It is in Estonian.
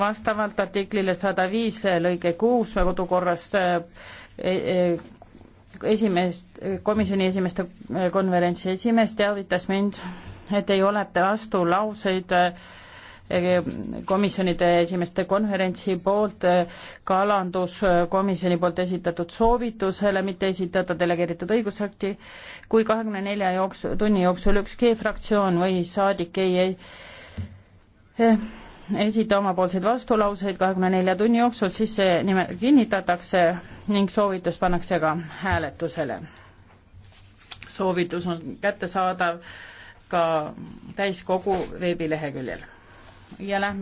vastavalt artiklile sada viis lõige kuus kodukorrast äh, äh, esimeest, komisjoni esimeeste äh, konverentsi esimees teavitas mind, et ei ole vastulauseid komisjonide esimeeste konverentsi poolt kalanduskomisjoni poolt esitatud soovitusele mitte esitada delegeeritud õigusakti, kui kahekümne nelja jooksul, tunni jooksul ükski fraktsioon või saadik ei, ei esita omapoolseid vastulauseid kahekümne nelja tunni jooksul, siis see nime kinnitatakse ning soovitus pannakse ka hääletusele. soovitus on kättesaadav ka täiskogu veebileheküljel ja lähme